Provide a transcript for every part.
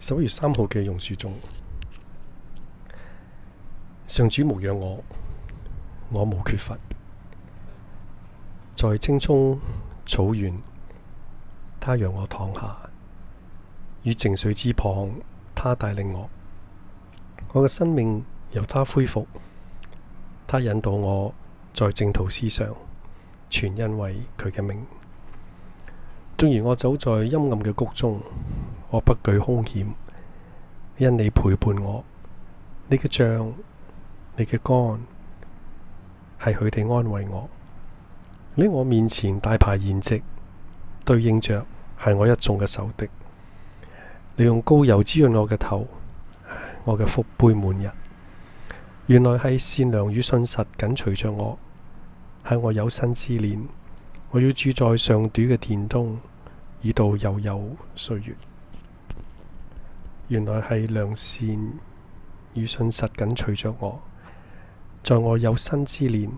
十一月三號嘅榕樹中，上主無養牧養我，我無缺乏。在青蔥草原，他讓我躺下；與靜水之旁，他帶領我。我嘅生命由他恢復，他引導我在正途之上，全因為佢嘅名。縱然我走在陰暗嘅谷中。我不懼凶險，因你陪伴我。你嘅像，你嘅肝，係佢哋安慰我。喺我面前大排筵席，對應着係我一眾嘅仇敵。你用膏油滋潤我嘅頭，我嘅福杯滿日。原來係善良與信實緊隨着我，喺我有生之年，我要住在上主嘅殿燈，以度悠悠歲月。原來係良善與信實緊隨着我，在我有生之年，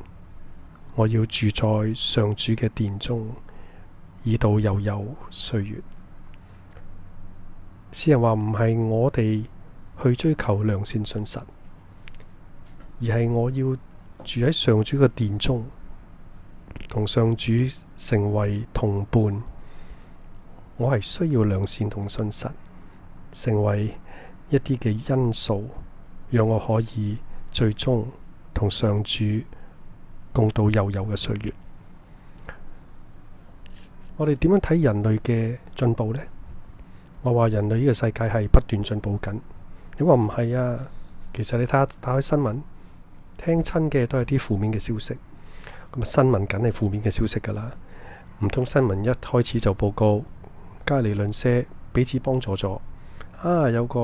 我要住在上主嘅殿中，以度悠悠歲月。詩人話唔係我哋去追求良善信實，而係我要住喺上主嘅殿中，同上主成為同伴。我係需要良善同信實。成為一啲嘅因素，讓我可以最終同上主共度悠悠嘅歲月。我哋點樣睇人類嘅進步呢？我話人類呢個世界係不斷進步緊。你話唔係啊？其實你睇下，打開新聞聽親嘅都係啲負面嘅消息。咁新聞梗係負面嘅消息㗎喇，唔通新聞一開始就報告隔籬鄰舍彼此幫助咗？啊！有個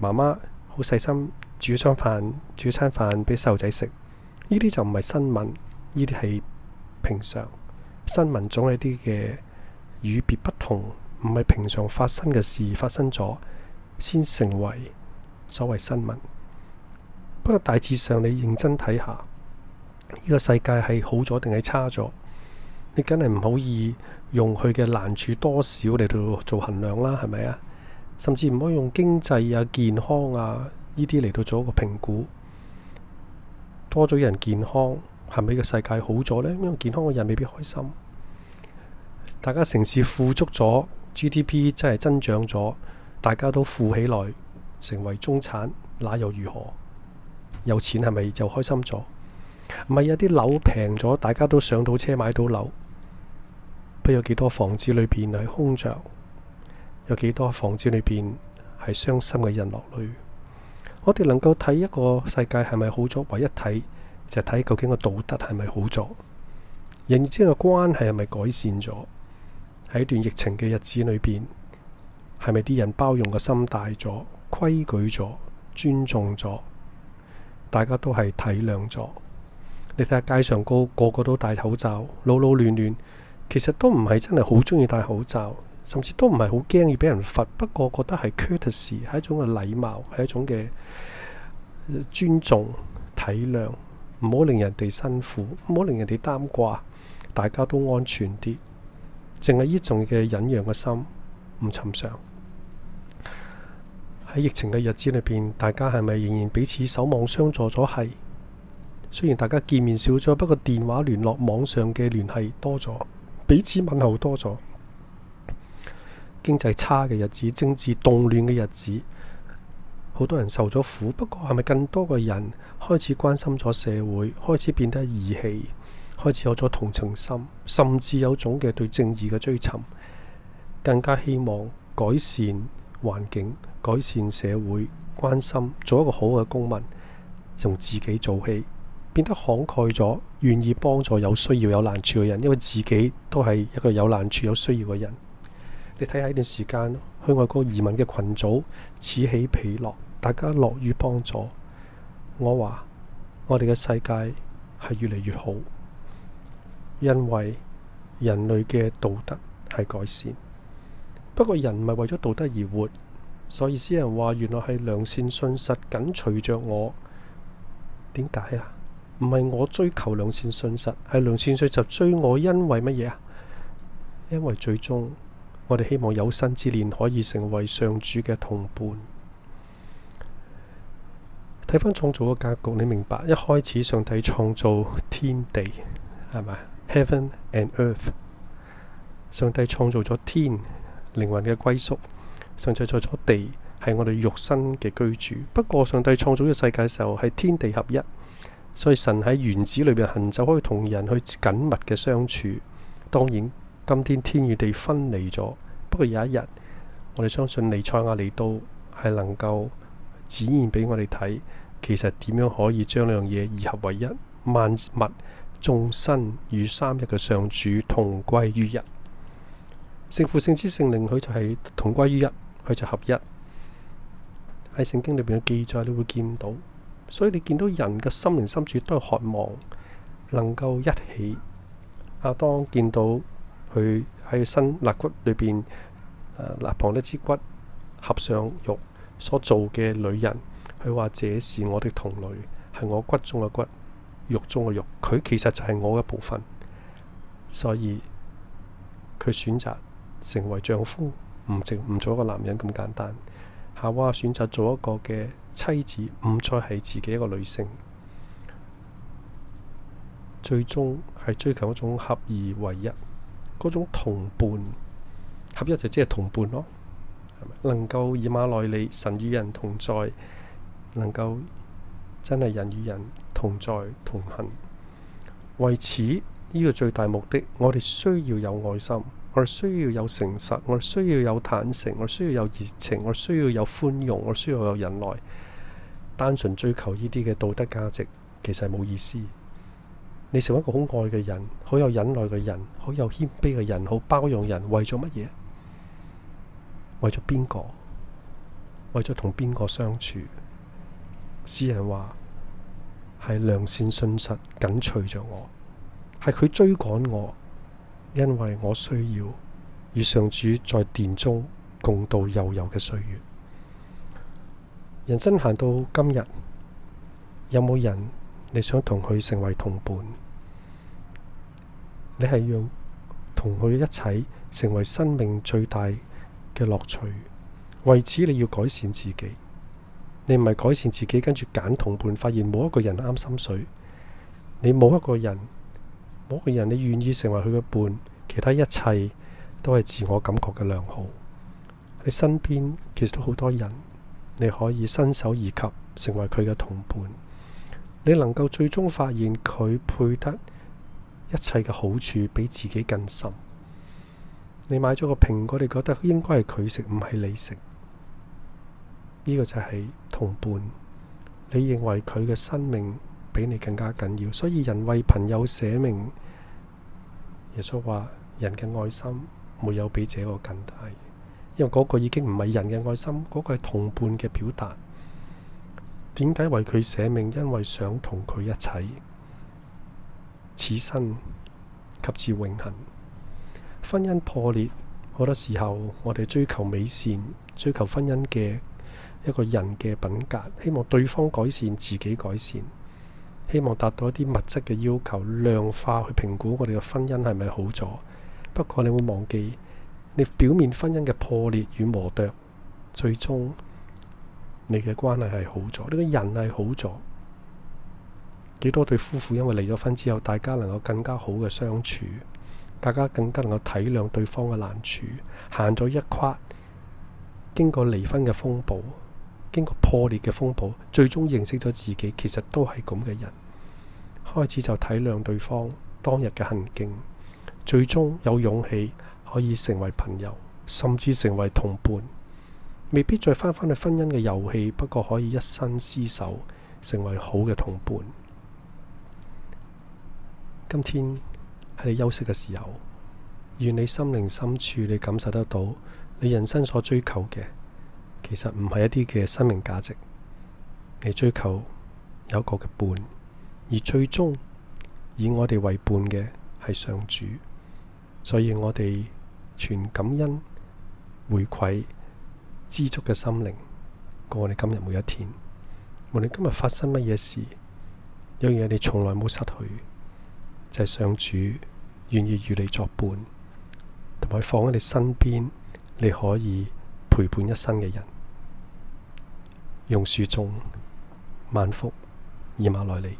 媽媽好細心煮餐飯，煮餐飯畀細路仔食。呢啲就唔係新聞，呢啲係平常。新聞總係啲嘅與別不同，唔係平常發生嘅事發生咗先成為所謂新聞。不過大致上，你認真睇下，呢個世界係好咗定係差咗？你梗係唔好以用佢嘅難處多少嚟到做衡量啦，係咪啊？甚至唔可以用經濟啊、健康啊呢啲嚟到做一個評估，多咗人健康係咪個世界好咗呢？因為健康嘅人未必開心。大家城市富足咗，GDP 真係增長咗，大家都富起來，成為中產，那又如何？有錢係咪就開心咗？唔係啊！有啲樓平咗，大家都上到車買到樓，不有幾多房子裏邊係空着。有幾多房子裏邊係傷心嘅人落淚？我哋能夠睇一個世界係咪好咗，唯一睇就係、是、睇究竟個道德係咪好咗，人與人嘅關係係咪改善咗？喺一段疫情嘅日子裏邊，係咪啲人包容嘅心大咗、規矩咗、尊重咗？大家都係體諒咗。你睇下街上高個個都戴口罩，老老嫩嫩，其實都唔係真係好中意戴口罩。甚至都唔係好驚要俾人罰，不過覺得係 courtesy 係一種嘅禮貌，係一種嘅尊重體諒，唔好令人哋辛苦，唔好令人哋擔掛，大家都安全啲。淨係呢種嘅忍讓嘅心唔尋常。喺疫情嘅日子裏邊，大家係咪仍然彼此守望相助？咗係，雖然大家見面少咗，不過電話聯絡、網上嘅聯繫多咗，彼此問候多咗。經濟差嘅日子，政治動亂嘅日子，好多人受咗苦。不過係咪更多嘅人開始關心咗社會，開始變得義氣，開始有咗同情心，甚至有種嘅對正義嘅追尋，更加希望改善環境、改善社會，關心做一個好嘅公民，用自己做起，變得慷慨咗，願意幫助有需要、有難處嘅人，因為自己都係一個有難處、有需要嘅人。你睇下呢段時間去外國移民嘅群組，此起彼落，大家樂於幫助。我話我哋嘅世界係越嚟越好，因為人類嘅道德係改善。不過人唔係為咗道德而活，所以詩人話原來係良善信實緊隨着我。點解啊？唔係我追求良善信實，係良善信實追我，因為乜嘢啊？因為最終。我哋希望有生之年可以成為上主嘅同伴。睇翻創造嘅格局，你明白一開始上帝創造天地，係咪？Heaven and Earth。上帝創造咗天，靈魂嘅歸宿；上帝創造咗地，係我哋肉身嘅居住。不過上帝創造嘅世界嘅時候係天地合一，所以神喺園子裏面行走，可以同人去緊密嘅相處。當然。今天天與地分離咗，不過有一日，我哋相信尼賽亞利都係能夠展現俾我哋睇，其實點樣可以將兩樣嘢二合為一，萬物眾生與三一嘅上主同歸於一，聖父聖之聖靈、聖子、聖靈，佢就係同歸於一，佢就合一。喺聖經裏邊嘅記載，你會見到，所以你見到人嘅心靈深處都係渴望能夠一起。亞當見到。佢喺身肋骨裏邊，肋、啊、旁一支骨合上肉所做嘅女人，佢話：這是我的同類，係我骨中嘅骨，肉中嘅肉。佢其實就係我嘅部分。所以佢選擇成為丈夫，唔淨唔做一個男人咁簡單。夏娃選擇做一個嘅妻子，唔再係自己一個女性。最終係追求一種合二為一。嗰種同伴合一就即係同伴咯，能夠以馬內利神與人同在，能夠真係人與人同在同行。為此呢個最大目的，我哋需要有愛心，我哋需要有誠實，我哋需要有坦誠，我哋需要有熱情，我哋需要有寬容，我需要有忍耐。單純追求呢啲嘅道德價值，其實係冇意思。你成為一個好愛嘅人，好有忍耐嘅人，好有謙卑嘅人，好包容人，為咗乜嘢？為咗邊個？為咗同邊個相處？詩人話：係良善信實緊隨着我，係佢追趕我，因為我需要與上主在殿中共度悠悠嘅歲月。人生行到今日，有冇人你想同佢成為同伴？你係用同佢一齊成為生命最大嘅樂趣，為此你要改善自己。你唔係改善自己，跟住揀同伴，發現冇一個人啱心水。你冇一個人，冇一個人你願意成為佢嘅伴，其他一切都係自我感覺嘅良好。你身邊其實都好多人，你可以伸手而及，成為佢嘅同伴。你能夠最終發現佢配得。一切嘅好處比自己更深。你買咗個蘋果，你覺得應該係佢食唔係你食？呢個就係同伴。你認為佢嘅生命比你更加緊要，所以人為朋友捨命。耶穌話：人嘅愛心沒有比這個更大，因為嗰個已經唔係人嘅愛心，嗰個係同伴嘅表達。點解為佢捨命？因為想同佢一齊。此生及至永恆，婚姻破裂，好多時候我哋追求美善，追求婚姻嘅一個人嘅品格，希望對方改善，自己改善，希望達到一啲物質嘅要求，量化去評估我哋嘅婚姻係咪好咗。不過你會忘記，你表面婚姻嘅破裂與磨啄，最終你嘅關係係好咗，呢個人係好咗。幾多對夫婦因為離咗婚之後，大家能夠更加好嘅相處，大家更加能夠體諒對方嘅難處，行咗一跨，經過離婚嘅風暴，經過破裂嘅風暴，最終認識咗自己，其實都係咁嘅人。開始就體諒對方當日嘅行徑，最終有勇氣可以成為朋友，甚至成為同伴，未必再翻返去婚姻嘅遊戲，不過可以一生廝守，成為好嘅同伴。今天喺你休息嘅時候，願你心靈深處你感受得到，你人生所追求嘅其實唔係一啲嘅生命價值，你追求有一個嘅伴，而最終以我哋為伴嘅係上主。所以我哋全感恩回饋知足嘅心靈過我哋今日每一天。無論今日發生乜嘢事，有嘢你從來冇失去。就係想主願意與你作伴，同埋放喺你身邊，你可以陪伴一生嘅人。榕樹種，萬福以馬內利。